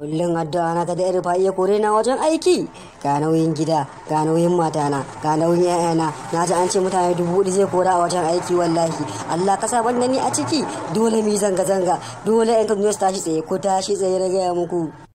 kullum addu'a ta da yar fa'iya kore na wajen aiki ga nauyin gida ga nauyin matana ga nauyin yayana na ji an ce mutane dubu hudu zai kora a wajen aiki wallahi Allah ka sa ni a ciki dole mi zanga zanga dole yan kaduna su tashi tsaye ko tashi tsaye ya gaya muku